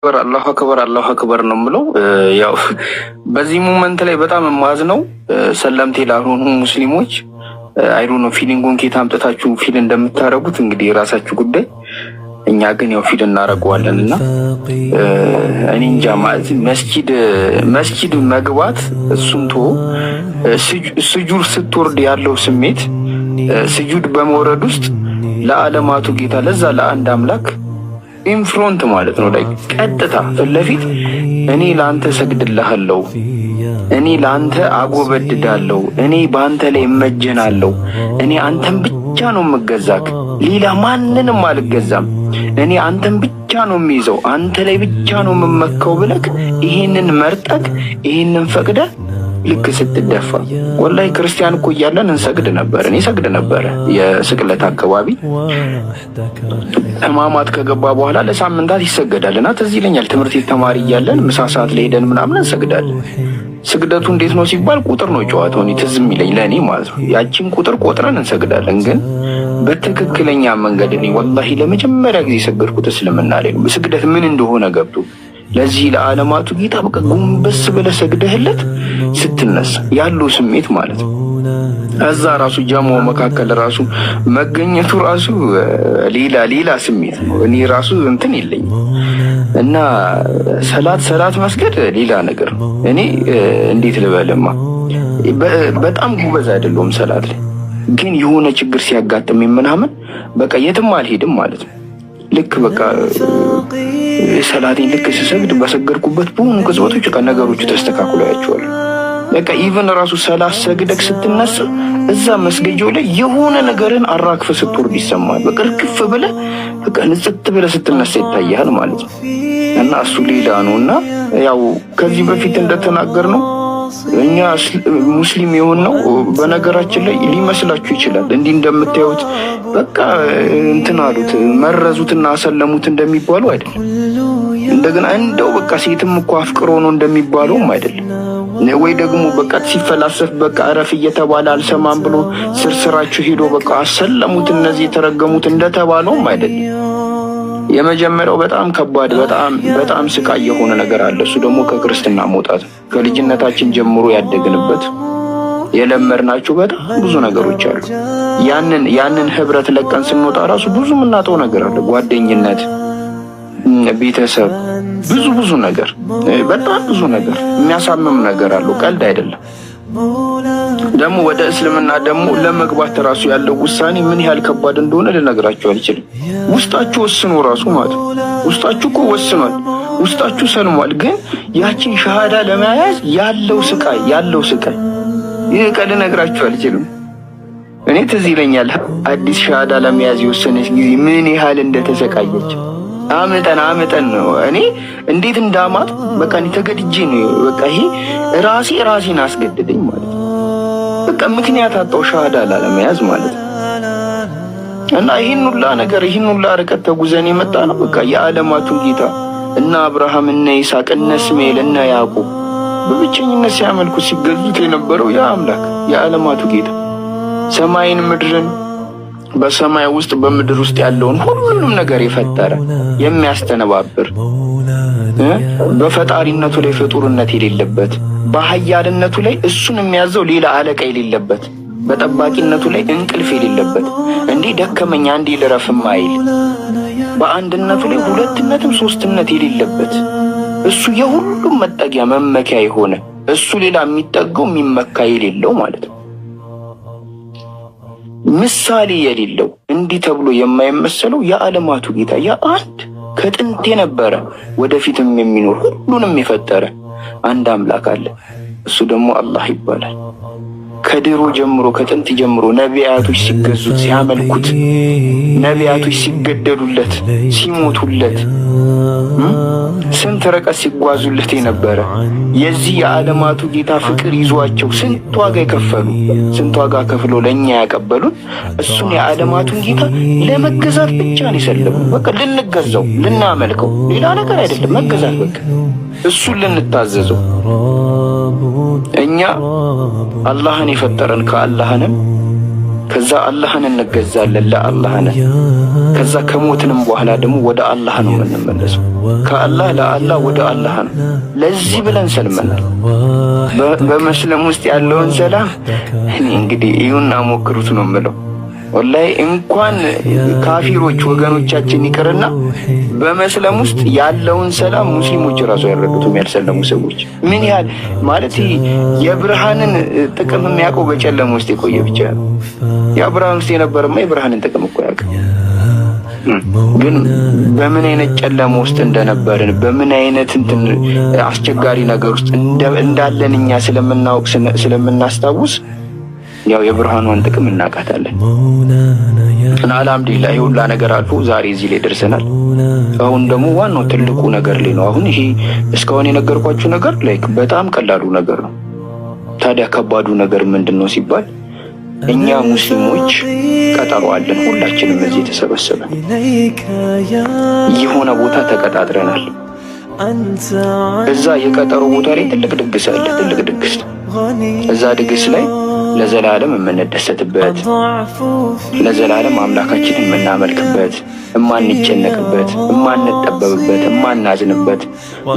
አክበር አላሁ አክበር አላሁ አክበር ነው የምለው። ያው በዚህ ሙመንት ላይ በጣም ማዝ ነው ሰለምቴ ላልሆኑ ሙስሊሞች አይዶ ነው ፊሊንጎን ኬት አምጥታችሁ ፊል እንደምታደርጉት እንግዲህ የራሳችሁ ጉዳይ። እኛ ግን ያው ፊል እናደርገዋለን እና እኔ እንጃ ማለት መግባት እሱን ቶ ስጁድ ስትወርድ ያለው ስሜት ስጁድ በመውረድ ውስጥ ለዓለማቱ ጌታ ለዛ ለአንድ አምላክ ኢንፍሮንት ማለት ነው ላይ ቀጥታ ለፊት እኔ ለአንተ ሰግድልሃለሁ፣ እኔ ለአንተ አጎበድዳለሁ፣ እኔ በአንተ ላይ እመጀናለሁ፣ እኔ አንተን ብቻ ነው የምገዛክ፣ ሌላ ማንንም አልገዛም፣ እኔ አንተን ብቻ ነው የሚይዘው፣ አንተ ላይ ብቻ ነው የምመካው ብለክ ይሄንን መርጠክ ይሄንን ፈቅደ ልክ ስትደፋ ወላሂ ክርስቲያን እኮ እያለን እንሰግድ ነበር። እኔ ሰግድ ነበረ። የስቅለት አካባቢ ህማማት ከገባ በኋላ ለሳምንታት ይሰገዳል እና ትዝ ይለኛል ትምህርት ተማሪ እያለን ምሳ ሰዓት ለሄደን ምናምን እንሰግዳለን። ስግደቱ እንዴት ነው ሲባል ቁጥር ነው ጨዋታው። እኔ ትዝ የሚለኝ ለእኔ ማለት ነው ያቺን ቁጥር ቆጥረን እንሰግዳለን። ግን በትክክለኛ መንገድ እኔ ወላሂ ለመጀመሪያ ጊዜ የሰገድኩት እስልምና ላይ ነው። ስግደት ምን እንደሆነ ገብቶ ለዚህ ለዓለማቱ ጌታ በቃ ጎንበስ ብለህ ሰግደህለት ስትነሳ ያለው ስሜት ማለት ነው። እዛ ራሱ ጀማው መካከል ራሱ መገኘቱ ራሱ ሌላ ሌላ ስሜት ነው። እኔ ራሱ እንትን የለኝም እና ሰላት ሰላት መስገድ ሌላ ነገር ነው። እኔ እንዴት ልበልማ በጣም ጉበዝ አይደለሁም ሰላት ላይ ግን የሆነ ችግር ሲያጋጥመኝ ምናምን በቃ የትም አልሄድም ማለት ነው ልክ በቃ ሰላቴን ልክ ስሰግድ በሰገድኩበት በሆኑ ቅጽበቶች በቃ ነገሮቹ ተስተካክሎ ያቸዋል። በቃ ኢቨን ራሱ ሰላት ሰግደክ ስትነሳ እዛ መስገጃው ላይ የሆነ ነገርን አራክፈ ስትወርድ ይሰማል። በቃ እርግፍ ብለ በቃ ንጽት ብለ ስትነሳ ይታያል ማለት ነው። እና እሱ ሌላ ነው እና ያው ከዚህ በፊት እንደተናገር ነው እኛ ሙስሊም የሆን ነው። በነገራችን ላይ ሊመስላችሁ ይችላል። እንዲህ እንደምታዩት በቃ እንትን አሉት መረዙትና አሰለሙት እንደሚባሉ አይደለም። እንደገና እንደው በቃ ሴትም እኮ አፍቅሮ ነው እንደሚባለውም አይደለም። ወይ ደግሞ በቃ ሲፈላሰፍ በቃ እረፍ እየተባለ አልሰማም ብሎ ስርስራችሁ ሄዶ በቃ አሰለሙት እነዚህ የተረገሙት እንደተባለውም አይደለም። የመጀመሪያው በጣም ከባድ በጣም በጣም ስቃይ የሆነ ነገር አለ። እሱ ደግሞ ከክርስትና መውጣት ነው። ከልጅነታችን ጀምሮ ያደግንበት የለመድናቸው በጣም ብዙ ነገሮች አሉ። ያንን ያንን ህብረት ለቀን ስንወጣ ራሱ ብዙ የምናጠው ነገር አለ። ጓደኝነት፣ ቤተሰብ፣ ብዙ ብዙ ነገር በጣም ብዙ ነገር የሚያሳምም ነገር አለው። ቀልድ አይደለም። ደግሞ ወደ እስልምና ደግሞ ለመግባት ራሱ ያለው ውሳኔ ምን ያህል ከባድ እንደሆነ ልነግራቸው አልችልም። ውስጣችሁ ወስኖ ራሱ ማለት ውስጣችሁ እኮ ወስኗል። ውስጣችሁ ሰልሟል። ግን ያችን ሸሃዳ ለመያዝ ያለው ስቃይ ያለው ስቃይ ይህ ቀን ልነግራችሁ አልችልም። እኔ ትዝ ይለኛል አዲስ ሸሃዳ ለመያዝ የወሰነች ጊዜ ምን ያህል እንደተሰቃየች አመጠን አመጠን ነው። እኔ እንዴት እንዳማት በቃ ተገድጄ ነው። በቃ ይሄ ራሴ ራሴን አስገድደኝ ማለት ነው። በቃ ምክንያት አጣው ሸሃዳ ላለመያዝ ማለት ነው። እና ይህን ሁላ ነገር ይህን ሁላ ርቀት ተጉዘን የመጣ ነው። በቃ የዓለማቱን ጌታ እነ አብርሃም እነ ይስሐቅ እነ እስማኤል እነ ያዕቆብ በብቸኝነት ሲያመልኩት ሲገዙት የነበረው ያ አምላክ የዓለማቱ ጌታ ሰማይን ምድርን በሰማይ ውስጥ በምድር ውስጥ ያለውን ሁሉንም ነገር የፈጠረ የሚያስተነባብር በፈጣሪነቱ ላይ ፍጡርነት የሌለበት በኃያልነቱ ላይ እሱን የሚያዘው ሌላ አለቃ የሌለበት በጠባቂነቱ ላይ እንቅልፍ የሌለበት እንዲህ ደከመኛ እንዴ ልረፍም አይል በአንድነቱ ላይ ሁለትነትም ሶስትነት የሌለበት እሱ የሁሉም መጠጊያ መመኪያ የሆነ እሱ ሌላ የሚጠገው የሚመካ የሌለው ማለት ነው። ምሳሌ የሌለው እንዲህ ተብሎ የማይመሰለው የዓለማቱ ጌታ አንድ ከጥንት የነበረ ወደፊትም የሚኖር ሁሉንም የፈጠረ አንድ አምላክ አለ። እሱ ደግሞ አላህ ይባላል። ከድሮ ጀምሮ ከጥንት ጀምሮ ነቢያቶች ሲገዙት ሲያመልኩት፣ ነቢያቶች ሲገደሉለት፣ ሲሞቱለት፣ ስንት ርቀት ሲጓዙለት የነበረ የዚህ የዓለማቱ ጌታ ፍቅር ይዟቸው ስንት ዋጋ የከፈሉ ስንት ዋጋ ከፍሎ ለእኛ ያቀበሉን እሱን የዓለማቱን ጌታ ለመገዛት ብቻ ነው የሰለሙ። በቃ ልንገዛው፣ ልናመልከው፣ ሌላ ነገር አይደለም። መገዛት በቃ እሱን ልንታዘዘው እኛ አላህን የፈጠረን ከአላህንም ከዛ አላህን እንገዛለን ለአላህን ከዛ ከሞትንም በኋላ ደግሞ ወደ አላህ ነው የምንመለሰው። ከአላህ ለአላህ ወደ አላህ ነው። ለዚህ ብለን ሰልመናል። በመስለም ውስጥ ያለውን ሰላም እኔ እንግዲህ እዩና ሞክሩት ነው የምለው። ወላይ እንኳን ካፊሮች ወገኖቻችን ይቅርና በመስለም ውስጥ ያለውን ሰላም ሙስሊሞች ራሱ ያረዱትም ያልሰለሙ ሰዎች ምን ያህል ማለት የብርሃንን ጥቅም የሚያውቀው በጨለማ ውስጥ የቆየ ብቻ ነው። ያ ብርሃን ውስጥ የነበረማ የብርሃንን ጥቅም እኮ ያውቅ፣ ግን በምን አይነት ጨለማ ውስጥ እንደነበርን በምን አይነት እንትን አስቸጋሪ ነገር ውስጥ እንዳለን እኛ ስለምናውቅ ስለምናስታውስ ያው የብርሃኗን ጥቅም እናውቃታለን። እና አልሐምዱሊላህ ሁላ ነገር አልፎ ዛሬ እዚህ ላይ ደርሰናል። አሁን ደግሞ ዋናው ትልቁ ነገር ላይ ነው። አሁን ይሄ እስካሁን የነገርኳችሁ ነገር ላይክ በጣም ቀላሉ ነገር ነው። ታዲያ ከባዱ ነገር ምንድን ነው ሲባል እኛ ሙስሊሞች ቀጠሮ አለን። ሁላችንም እዚህ ተሰበሰበን የሆነ ቦታ ተቀጣጥረናል። እዛ የቀጠሮ ቦታ ላይ ትልቅ ድግስ አለ። ትልቅ ድግስ እዛ ድግስ ላይ ለዘላለም የምንደሰትበት ለዘላለም አምላካችን የምናመልክበት የማንጨነቅበት የማንጠበብበት የማናዝንበት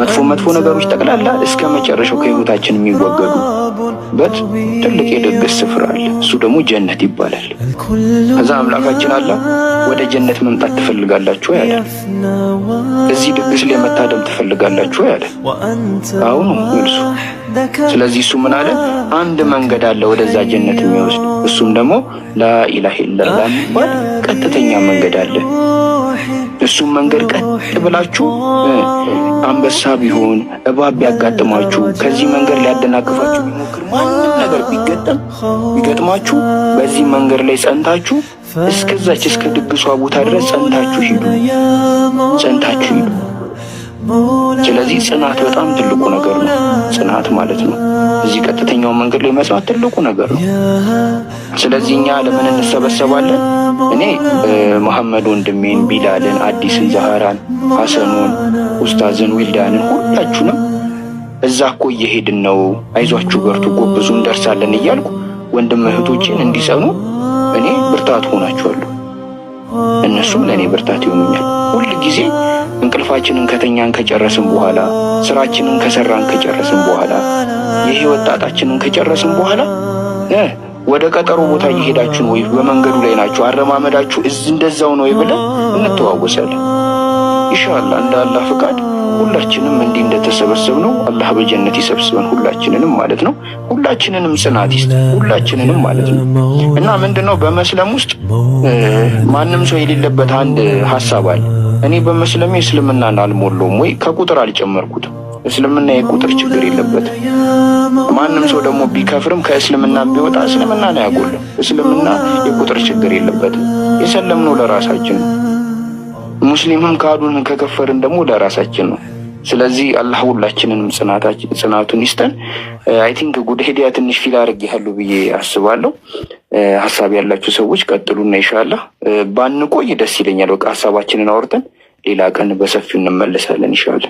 መጥፎ መጥፎ ነገሮች ጠቅላላ እስከ መጨረሻው ከህይወታችን የሚወገዱበት ትልቅ የድግስ ስፍራ አለ። እሱ ደግሞ ጀነት ይባላል። ከዛ አምላካችን አለ ወደ ጀነት መምጣት ትፈልጋላችሁ ያለ፣ እዚህ ድግስ ላይ መታደም ትፈልጋላችሁ ያለ አሁኑ መልሱ ስለዚህ እሱ ምን አለ? አንድ መንገድ አለ ወደዛ ጀነት የሚወስድ እሱም ደግሞ ላኢላህ ኢላላ የሚባል ቀጥተኛ መንገድ አለ። እሱም መንገድ ቀጥ ብላችሁ አንበሳ ቢሆን እባብ ቢያጋጥማችሁ ከዚህ መንገድ ሊያደናቅፋችሁ ቢሞክር ማንም ነገር ቢገጠም ቢገጥማችሁ በዚህ መንገድ ላይ ጸንታችሁ እስከዛች እስከ ድግሷ ቦታ ድረስ ጸንታችሁ ሂዱ፣ ጸንታችሁ ሂዱ። ስለዚህ ጽናት በጣም ትልቁ ነገር ነው። ጽናት ማለት ነው እዚህ ቀጥተኛውን መንገድ ላይ መስማት ትልቁ ነገር ነው። ስለዚህ እኛ ለምን እንሰበሰባለን? እኔ መሐመድ ወንድሜን፣ ቢላልን፣ አዲስን፣ ዛህራን፣ ሐሰኑን፣ ኡስታዝን፣ ዊልዳንን ሁላችሁንም እዛ እኮ እየሄድን ነው፣ አይዟችሁ፣ በርቱ፣ ጎብዙ፣ እንደርሳለን እያልኩ ወንድም እህቶችን እንዲጸኑ እኔ ብርታት ሆናችኋለሁ፣ እነሱም ለእኔ ብርታት ይሆኑኛል ሁል ጊዜ እንቅልፋችንን ከተኛን ከጨረስን በኋላ ስራችንን ከሰራን ከጨረስን በኋላ የህይወት ጣጣችንን ከጨረስን በኋላ ወደ ቀጠሮ ቦታ እየሄዳችሁ ወይ በመንገዱ ላይ ናችሁ፣ አረማመዳችሁ እዚህ እንደዛው ነው ብለን እንተዋወሳለን። ኢንሻአላህ እንደ አላህ ፍቃድ ሁላችንም እንዲህ እንደተሰበሰብ ነው አላህ በጀነት ይሰብስበን ሁላችንንም ማለት ነው። ሁላችንንም ጽናት ይስጥ ሁላችንንም ማለት ነው። እና ምንድነው በመስለም ውስጥ ማንም ሰው የሌለበት አንድ ሀሳብ አለ እኔ በመስለሜ እስልምናን አልሞላውም ወይ ከቁጥር አልጨመርኩትም። እስልምና የቁጥር ችግር የለበት። ማንም ሰው ደግሞ ቢከፍርም ከእስልምና ቢወጣ እስልምናን አያጎልም። እስልምና የቁጥር ችግር የለበትም። የሰለምነው ለራሳችን ነው። ሙስሊምም ካዱን ከከፈርን ደግሞ ለራሳችን ነው። ስለዚህ አላህ ሁላችንንም ጽናቱን ይስጠን። አይ ቲንክ ጉድ ሄዲያ ትንሽ ፊል ያሉ ብዬ አስባለሁ። ሀሳብ ያላችሁ ሰዎች ቀጥሉና ይሻላ ባንቆይ ደስ ይለኛል። በቃ ሀሳባችንን አውርተን ሌላ ቀን በሰፊው እንመለሳለን ይሻላል።